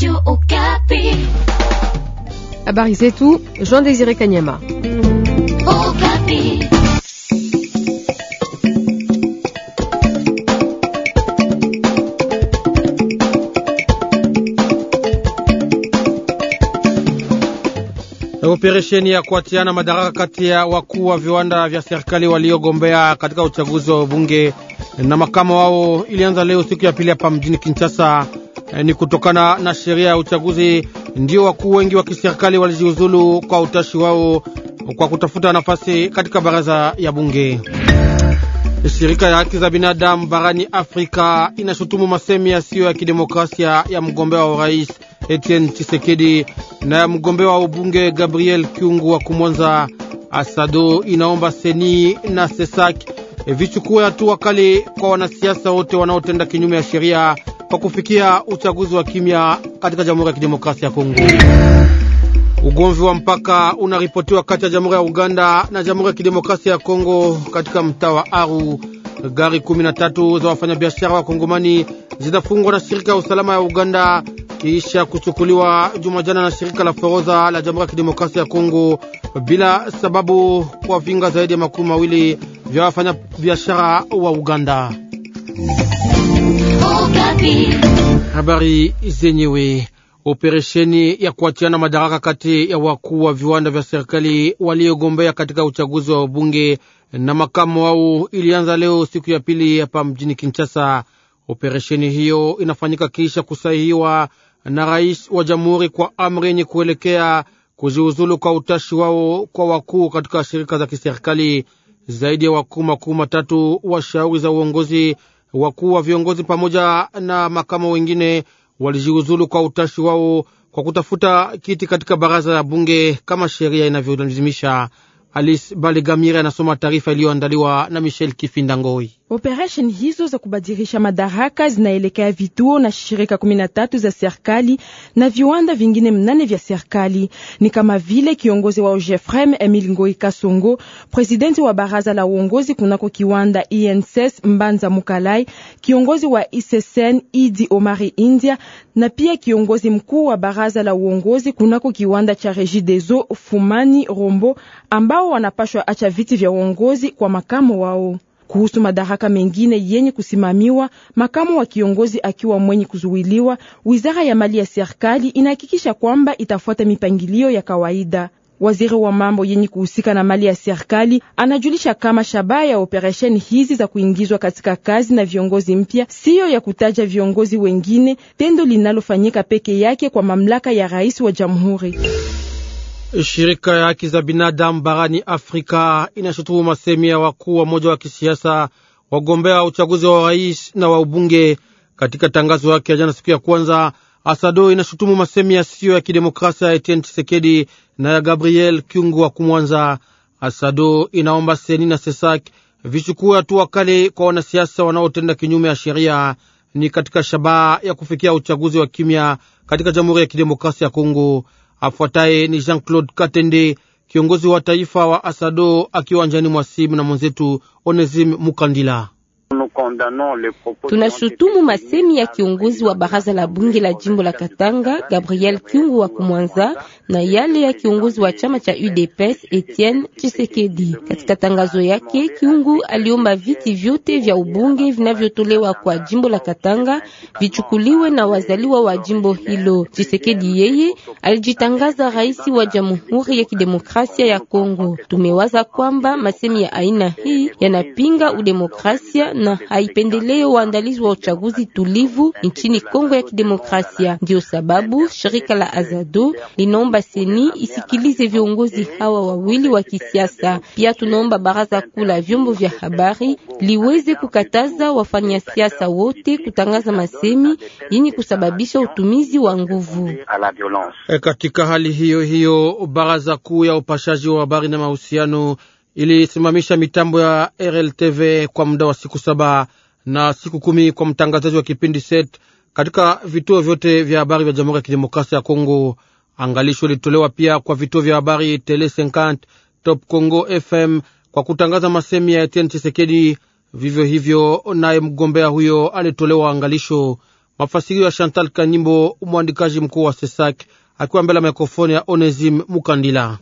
Radio Okapi. Habari zetu Jean Désiré Kanyama. Okapi. Operesheni ya kuatiana madaraka kati ya wakuu wa viwanda vya serikali waliogombea katika uchaguzi wa bunge na makamo wao ilianza leo siku ya pili hapa mjini Kinshasa Eh, ni kutokana na sheria ya uchaguzi, ndio wakuu wengi wa kiserikali walijiuzulu kwa utashi wao kwa kutafuta nafasi katika baraza ya bunge. Shirika ya haki za binadamu barani Afrika inashutumu masemi yasiyo ya kidemokrasia ya mgombea wa urais Etienne Tshisekedi na ya mgombea wa ubunge Gabriel Kyungu wa Kumwanza. Asado inaomba seni na Sesak vichukue hatua kali kwa wanasiasa wote wanaotenda kinyume ya sheria kwa kufikia uchaguzi wa kimya katika Jamhuri ya Kidemokrasia ya Kongo. Ugomvi wa mpaka unaripotiwa kati ya Jamhuri ya Uganda na Jamhuri ya Kidemokrasia ya Kongo katika mtaa wa Aru. Gari 13 za wafanyabiashara wa Kongomani zinafungwa na shirika ya usalama ya Uganda kisha kuchukuliwa Jumajana na shirika la forodha la Jamhuri ya Kidemokrasia ya Kongo bila sababu, kwa vinga zaidi ya makumi mawili vya wafanyabiashara wa Uganda. Habari zenyewe. Operesheni ya kuachiana madaraka kati ya wakuu wa viwanda vya serikali waliogombea katika uchaguzi wa wabunge na makamu wao ilianza leo siku ya pili hapa mjini Kinshasa. Operesheni hiyo inafanyika kisha kusahihiwa na rais wa jamhuri kwa amri yenye kuelekea kujiuzulu kwa utashi wao kwa wakuu katika shirika za kiserikali. Zaidi ya wakuu makuu matatu wa shauri za uongozi wakuu wa viongozi pamoja na makamo wengine walijiuzulu kwa utashi wao kwa kutafuta kiti katika baraza la bunge kama sheria inavyolazimisha. Alice Balegamire anasoma taarifa iliyoandaliwa na Michel kifindangoi Operesheni hizo za kubadilisha madaraka zinaelekea vituo na shirika kumi na tatu za serikali na viwanda vingine mnane vya serikali, ni kama vile kiongozi wa OGEFREM Emil Ngoi Kasongo, presidenti wa baraza la uongozi kunako kiwanda INSS Mbanza Mukalai, kiongozi wa ISSN Idi Omari India na pia kiongozi mkuu wa baraza la uongozi kunako kiwanda cha Regideso Fumani Rombo, ambao wanapashwa acha viti vya uongozi kwa makamo wao. Kuhusu madaraka mengine yenye kusimamiwa, makamu wa kiongozi akiwa mwenye kuzuiliwa, wizara ya mali ya serikali inahakikisha kwamba itafuata mipangilio ya kawaida. Waziri wa mambo yenye kuhusika na mali ya serikali anajulisha kama shabaha ya operesheni hizi za kuingizwa katika kazi na viongozi mpya siyo ya kutaja viongozi wengine, tendo linalofanyika peke yake kwa mamlaka ya rais wa jamhuri. Shirika ya haki za binadamu barani Afrika inashutumu masemi ya wakuu wa moja wa kisiasa wagombea wa uchaguzi wa rais na wa ubunge. Katika tangazo yake ya jana siku ya kwanza, Asado inashutumu masemi yasiyo ya kidemokrasia ya Etienne Tshisekedi na ya Gabriel Kyungu wa Kumwanza. Asado inaomba seni na Sesak vichukue hatua kali kwa wanasiasa wanaotenda kinyume ya sheria, ni katika shabaha ya kufikia uchaguzi wa kimya katika Jamhuri ya Kidemokrasia ya Kongo. Afuataye ni Jean-Claude Katende, kiongozi wa taifa wa Asado, akiwa njani mwa simu na mwenzetu Onesime Mukandila. Tunashutumu masemi ya kiongozi wa baraza la bunge la jimbo la Katanga Gabriel Kyungu wa Kumwanza na yale ya kiongozi wa chama cha UDPS Etienne Tshisekedi. Katika tangazo yake, Kyungu aliomba viti vyote vya ubunge vinavyotolewa kwa jimbo la Katanga vichukuliwe na wazaliwa wa jimbo hilo. Tshisekedi yeye alijitangaza rais wa Jamhuri ya Kidemokrasia ya Kongo. Tumewaza kwamba masemi ya aina hii yanapinga udemokrasia na haipendeleo waandalizi wa uchaguzi tulivu nchini Kongo ya Kidemokrasia. Ndio sababu shirika la Azado linaomba seni isikilize viongozi hawa wawili wa kisiasa. Pia tunaomba baraza kuu la vyombo vya habari liweze kukataza siasa wote kutangaza masemi yenye kusababisha utumizi wa nguvu. E, katika hali hiyo hiyo baraza kuu ya upashaji wa habari na mahusiano ilisimamisha mitambo ya RLTV kwa muda wa siku saba na siku kumi kwa mtangazaji wa kipindi set katika vituo vyote vya habari vya Jamhuri ya Kidemokrasia ya Kongo. Angalisho ilitolewa pia kwa vituo vya habari Tele 50 Top Congo FM kwa kutangaza masemi ya Etienne Chisekedi. Vivyo hivyo, naye mgombea huyo alitolewa angalisho. Mafasirio ya Chantal Kanyimbo, mwandikaji mkuu wa Sesak, akiwa mbele ya mikrofoni ya Onesim Mukandila.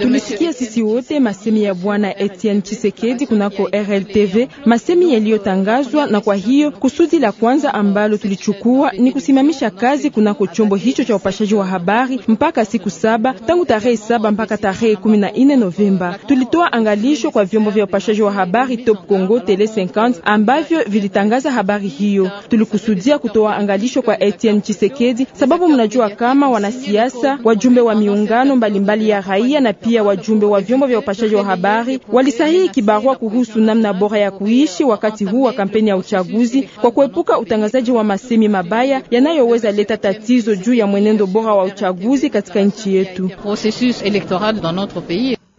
Tulisikia sisi wote masemi ya Bwana Etienne Chisekedi kunako RLTV, masemi yaliyotangazwa. Na kwa hiyo kusudi la kwanza ambalo tulichukua ni kusimamisha kazi kunako chombo hicho cha upashaji wa habari mpaka siku saba tangu tarehe saba mpaka tarehe kumi na nne Novemba. Tulitoa angalisho kwa vyombo vya upashaji wa habari Top Congo Tele 50 ambavyo vilitangaza habari hiyo. Tulikusudia kutoa angalisho kwa Etienne Chisekedi sababu mnajua kama wanasiasa wajumbe wa miungano mikutano mbalimbali ya raia na pia wajumbe wa vyombo vya upashaji wa habari walisahihi kibarua kuhusu namna bora ya kuishi wakati huu wa kampeni ya uchaguzi kwa kuepuka utangazaji wa masemi mabaya yanayoweza leta tatizo juu ya mwenendo bora wa uchaguzi katika nchi yetu.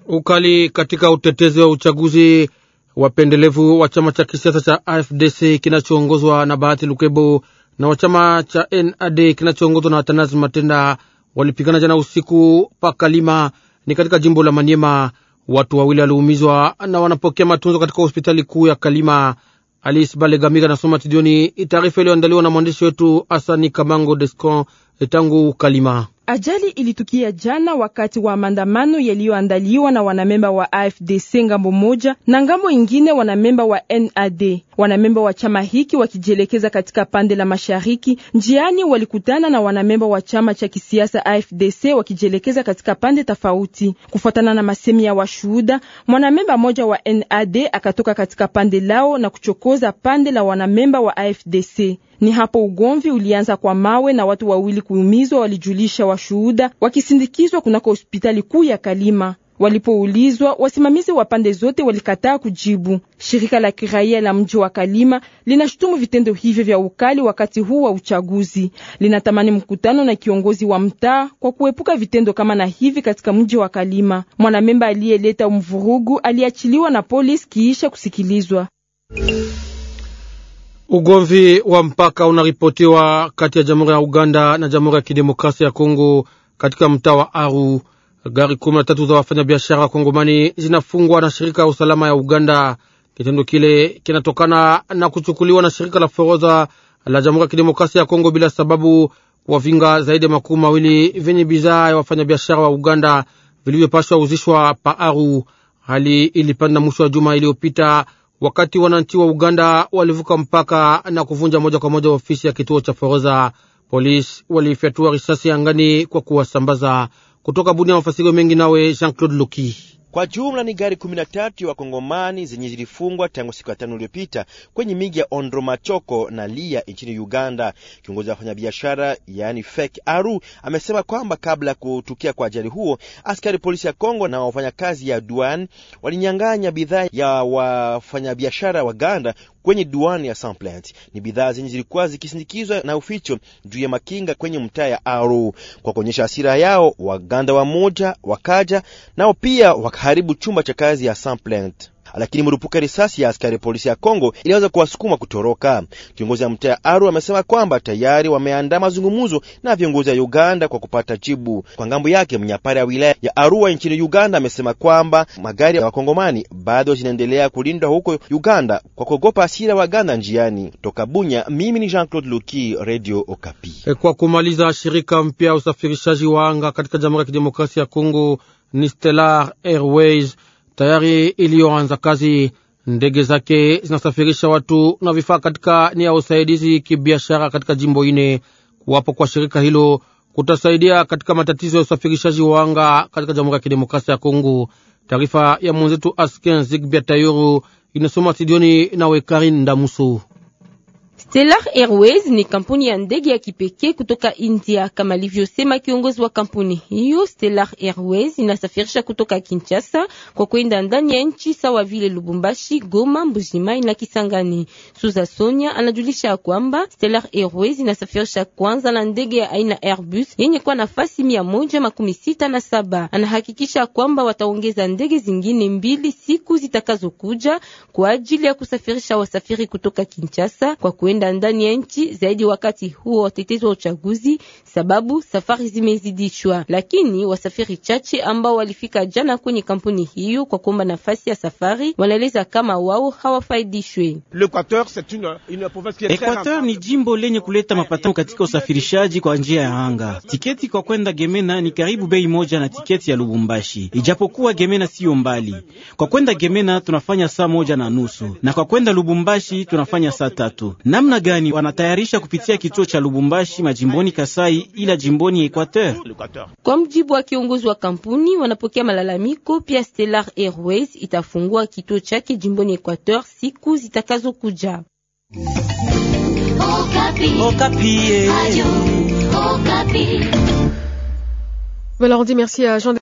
Ukali katika utetezi wa uchaguzi wapendelevu wa chama cha kisiasa cha AFDC kinachoongozwa na Bahati Lukebo na wa chama cha NAD kinachoongozwa na Atanas Matenda walipigana jana usiku kalima ni katika jimbo la Maniema. Watu wawili waliumizwa na wanapokea matunzo katika hospitali kuu ya Kalima. Alice na Soma tidioni taarifa iliyoandaliwa na mwandishi wetu Asani Kamango Descon tangu Kalima. Ajali ilitukia jana wakati wa maandamano yaliyoandaliwa na wanamemba wa AFDC ngambo moja na ngambo ingine wanamemba wa NAD. Wanamemba wa chama hiki wakijielekeza katika pande la mashariki, njiani walikutana na wanamemba wa chama cha kisiasa AFDC wakijielekeza katika pande tofauti. Kufuatana na masemi ya washuhuda, mwanamemba mmoja wa NAD akatoka katika pande lao na kuchokoza pande la wanamemba wa AFDC. Ni hapo ugomvi ulianza kwa mawe na watu wawili kuumizwa, walijulisha washuhuda wakisindikizwa kunako hospitali kuu ya Kalima. Walipoulizwa, wasimamizi wa pande zote walikataa kujibu. Shirika la kiraia la mji wa Kalima linashutumu vitendo hivyo vya ukali wakati huu wa uchaguzi. Linatamani mkutano na kiongozi wa mtaa kwa kuepuka vitendo kama na hivi katika mji wa Kalima. Mwanamemba aliyeleta mvurugu aliachiliwa na polisi kiisha kusikilizwa. Ugomvi wa mpaka unaripotiwa kati ya Jamhuri ya Uganda na Jamhuri ya Kidemokrasia ya Kongo katika mtaa wa Aru. Gari kumi na tatu za wafanyabiashara wa Kongomani zinafungwa na shirika ya usalama ya Uganda. Kitendo kile kinatokana na kuchukuliwa na shirika la forodha la Jamhuri ya Kidemokrasia ya Kongo bila sababu kuwavinga zaidi ya makumi mawili vyenye bidhaa ya wafanyabiashara wa Uganda vilivyopashwa uzishwa pa Aru. Hali ilipanda mwisho wa juma iliyopita wakati wananchi wa Uganda walivuka mpaka na kuvunja moja kwa moja ofisi ya kituo cha foroza. Polisi walifyatua risasi angani kwa kuwasambaza. Kutoka Bunia, mafasirio mengi nawe Jean Claude Luki. Kwa jumla ni gari 13 ya wakongomani zenye zilifungwa tangu siku ya tano iliyopita kwenye miji ya Ondro Machoko na Lia nchini Uganda. Kiongozi wa wafanyabiashara yaani FEC Aru amesema kwamba kabla ya kutukia kwa ajali huo, askari polisi ya Kongo na wafanyakazi ya duan walinyang'anya bidhaa ya wafanyabiashara wa Uganda kwenye duani ya Samplant. Ni bidhaa zenye zilikuwa zikisindikizwa na uficho juu ya makinga kwenye mtaa ya Aru. Kwa kuonyesha hasira yao, Waganda moja wakaja nao pia waka kuharibu chumba cha kazi ya Samplent lakini mrupuka risasi ya askari polisi ya Kongo iliweza kuwasukuma kutoroka. Kiongozi wa mtaa Aru amesema kwamba tayari wameandaa mazungumzo na viongozi wa Uganda kwa kupata jibu kwa ngambo yake. Mnyapara ya wilaya ya Arua nchini Uganda amesema kwamba magari ya wakongomani bado zinaendelea kulindwa huko Uganda kwa kuogopa asira Uganda njiani. Toka Bunya, mimi ni Jean Claude Luki, Radio Okapi. Eh, kwa kumaliza, shirika mpya usafirishaji wa anga katika Jamhuri ya Kidemokrasia ya Kongo ni Stellar Airways tayari iliyoanza kazi. Ndege zake zinasafirisha watu na vifaa katika ni ya usaidizi kibiashara katika jimbo ine. Kuwapo kwa shirika hilo kutasaidia katika matatizo ya usafirishaji wa anga katika Jamhuri ya Kidemokrasia ya Kongo. Taarifa ya mwenzetu Asken Zigbia Tayuru inasoma Sidioni na Wekarin Ndamusu. Stellar Airways ni kampuni ya ndege ya kipekee kutoka India kama alivyosema kiongozi wa kampuni hiyo. Stellar Airways inasafirisha kutoka Kinshasa kwa kwenda ndani ya nchi sawa vile Lubumbashi, Goma, Mbujimai na Kisangani. Suza Sonia anajulisha kwamba Stellar Airways inasafirisha kwanza na ndege ya aina Airbus yenye kwa nafasi mia moja makumi sita na saba. Anahakikisha kwamba wataongeza ndege zingine mbili siku zitakazokuja kwa ajili ya kusafirisha wasafiri kutoka Kinshasa kwa kwenda kwenda ndani ya nchi zaidi wakati huo watetezi wa uchaguzi, sababu safari zimezidishwa. Lakini wasafiri chache ambao walifika jana kwenye kampuni hiyo kwa kuomba nafasi ya safari wanaeleza kama wao hawafaidishwe. Ekwateur ni jimbo lenye kuleta mapatano katika usafirishaji kwa njia ya anga. Tiketi kwa kwenda Gemena ni karibu bei moja na tiketi ya Lubumbashi, ijapokuwa Gemena siyo mbali. Kwa kwenda Gemena tunafanya saa moja na nusu na kwa kwenda Lubumbashi tunafanya saa tatu namna namna gani wanatayarisha kupitia kituo cha Lubumbashi majimboni Kasai ila jimboni Equateur. Kwa mjibu wa kiongozi wa kampuni, wanapokea malalamiko pia. Stellar Airways itafungua kituo chake jimboni Equateur siku zitakazo kuja. Okapi. Okapi. Okapi. Okapi. merci à Jean